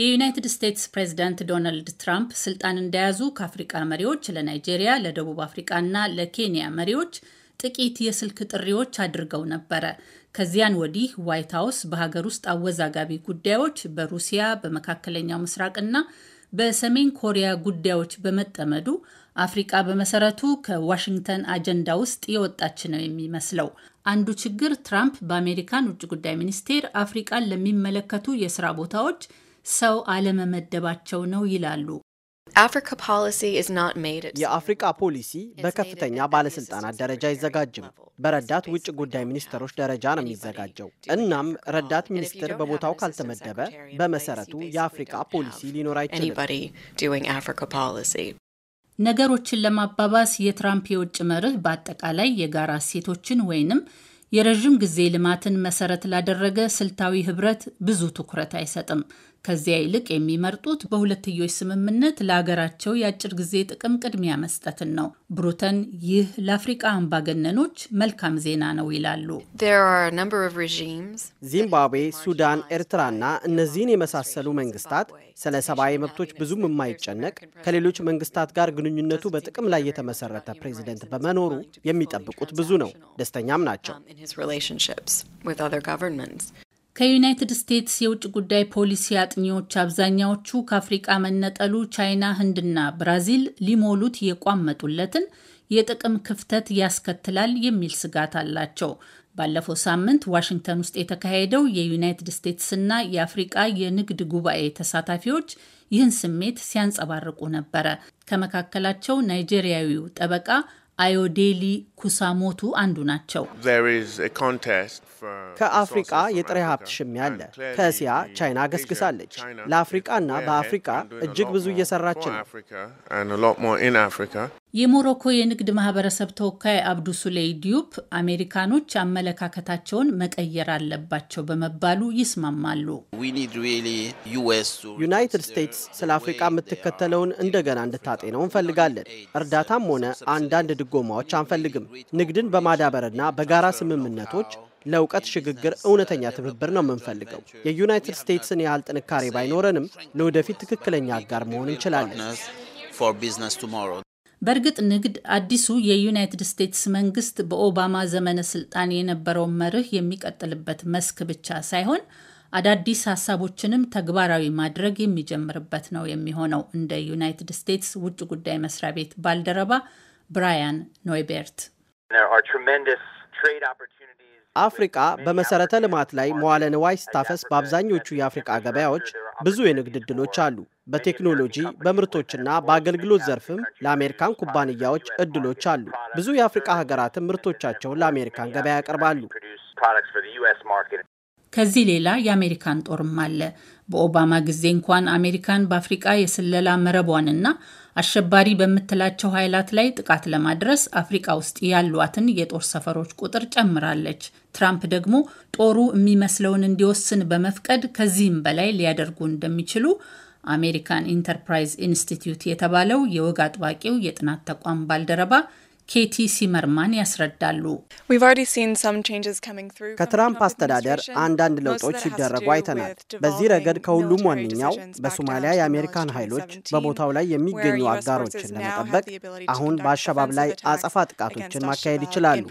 የዩናይትድ ስቴትስ ፕሬዝዳንት ዶናልድ ትራምፕ ስልጣን እንደያዙ ከአፍሪቃ መሪዎች ለናይጄሪያ፣ ለደቡብ አፍሪቃና ለኬንያ መሪዎች ጥቂት የስልክ ጥሪዎች አድርገው ነበረ። ከዚያን ወዲህ ዋይት ሀውስ በሀገር ውስጥ አወዛጋቢ ጉዳዮች በሩሲያ በመካከለኛው ምስራቅና በሰሜን ኮሪያ ጉዳዮች በመጠመዱ አፍሪቃ በመሰረቱ ከዋሽንግተን አጀንዳ ውስጥ የወጣች ነው የሚመስለው። አንዱ ችግር ትራምፕ በአሜሪካን ውጭ ጉዳይ ሚኒስቴር አፍሪቃን ለሚመለከቱ የስራ ቦታዎች ሰው አለመመደባቸው ነው ይላሉ። የአፍሪካ ፖሊሲ በከፍተኛ ባለስልጣናት ደረጃ አይዘጋጅም። በረዳት ውጭ ጉዳይ ሚኒስትሮች ደረጃ ነው የሚዘጋጀው። እናም ረዳት ሚኒስትር በቦታው ካልተመደበ በመሰረቱ የአፍሪካ ፖሊሲ ሊኖር አይችልም። ነገሮችን ለማባባስ የትራምፕ የውጭ መርህ በአጠቃላይ የጋራ እሴቶችን ወይንም የረዥም ጊዜ ልማትን መሰረት ላደረገ ስልታዊ ህብረት ብዙ ትኩረት አይሰጥም። ከዚያ ይልቅ የሚመርጡት በሁለትዮሽ ስምምነት ለሀገራቸው የአጭር ጊዜ ጥቅም ቅድሚያ መስጠትን ነው። ብሩተን ይህ ለአፍሪቃ አምባገነኖች መልካም ዜና ነው ይላሉ። ዚምባብዌ፣ ሱዳን፣ ኤርትራና እነዚህን የመሳሰሉ መንግስታት ስለ ሰብአዊ መብቶች ብዙም የማይጨነቅ ከሌሎች መንግስታት ጋር ግንኙነቱ በጥቅም ላይ የተመሰረተ ፕሬዚደንት በመኖሩ የሚጠብቁት ብዙ ነው። ደስተኛም ናቸው። ከዩናይትድ ስቴትስ የውጭ ጉዳይ ፖሊሲ አጥኚዎች አብዛኛዎቹ ከአፍሪቃ መነጠሉ ቻይና፣ ህንድና ብራዚል ሊሞሉት የቋመጡለትን የጥቅም ክፍተት ያስከትላል የሚል ስጋት አላቸው። ባለፈው ሳምንት ዋሽንግተን ውስጥ የተካሄደው የዩናይትድ ስቴትስና የአፍሪቃ የንግድ ጉባኤ ተሳታፊዎች ይህን ስሜት ሲያንጸባርቁ ነበረ። ከመካከላቸው ናይጄሪያዊው ጠበቃ አዮዴሊ ኩሳሞቱ አንዱ ናቸው። ከአፍሪቃ የጥሬ ሀብት ሽሚ አለ። ከእስያ ቻይና ገስግሳለች። ለአፍሪቃና በአፍሪቃ እጅግ ብዙ እየሰራች ነው። የሞሮኮ የንግድ ማህበረሰብ ተወካይ አብዱ ሱሌይ ዲዩፕ አሜሪካኖች አመለካከታቸውን መቀየር አለባቸው በመባሉ ይስማማሉ። ዩናይትድ ስቴትስ ስለ አፍሪቃ የምትከተለውን እንደገና እንድታጤነው እንፈልጋለን። እርዳታም ሆነ አንዳንድ ድጎማዎች አንፈልግም። ንግድን በማዳበርና በጋራ ስምምነቶች ለእውቀት ሽግግር እውነተኛ ትብብር ነው የምንፈልገው። የዩናይትድ ስቴትስን ያህል ጥንካሬ ባይኖረንም ለወደፊት ትክክለኛ አጋር መሆን እንችላለን። በእርግጥ ንግድ አዲሱ የዩናይትድ ስቴትስ መንግስት በኦባማ ዘመነ ስልጣን የነበረውን መርህ የሚቀጥልበት መስክ ብቻ ሳይሆን አዳዲስ ሀሳቦችንም ተግባራዊ ማድረግ የሚጀምርበት ነው የሚሆነው እንደ ዩናይትድ ስቴትስ ውጭ ጉዳይ መስሪያ ቤት ባልደረባ ብራያን ኖይቤርት አፍሪቃ በመሰረተ ልማት ላይ መዋለ ንዋይ ስታፈስ በአብዛኞቹ የአፍሪቃ ገበያዎች ብዙ የንግድ ዕድሎች አሉ። በቴክኖሎጂ በምርቶችና በአገልግሎት ዘርፍም ለአሜሪካን ኩባንያዎች እድሎች አሉ። ብዙ የአፍሪቃ ሀገራትም ምርቶቻቸውን ለአሜሪካን ገበያ ያቀርባሉ። ከዚህ ሌላ የአሜሪካን ጦርም አለ። በኦባማ ጊዜ እንኳን አሜሪካን በአፍሪቃ የስለላ መረቧንና አሸባሪ በምትላቸው ኃይላት ላይ ጥቃት ለማድረስ አፍሪቃ ውስጥ ያሏትን የጦር ሰፈሮች ቁጥር ጨምራለች። ትራምፕ ደግሞ ጦሩ የሚመስለውን እንዲወስን በመፍቀድ ከዚህም በላይ ሊያደርጉ እንደሚችሉ አሜሪካን ኢንተርፕራይዝ ኢንስቲትዩት የተባለው የወግ አጥባቂው የጥናት ተቋም ባልደረባ ኬቲ ሲመርማን ያስረዳሉ። ከትራምፕ አስተዳደር አንዳንድ ለውጦች ሲደረጉ አይተናል። በዚህ ረገድ ከሁሉም ዋነኛው በሶማሊያ የአሜሪካን ኃይሎች በቦታው ላይ የሚገኙ አጋሮችን ለመጠበቅ አሁን በአሸባብ ላይ አጸፋ ጥቃቶችን ማካሄድ ይችላሉ።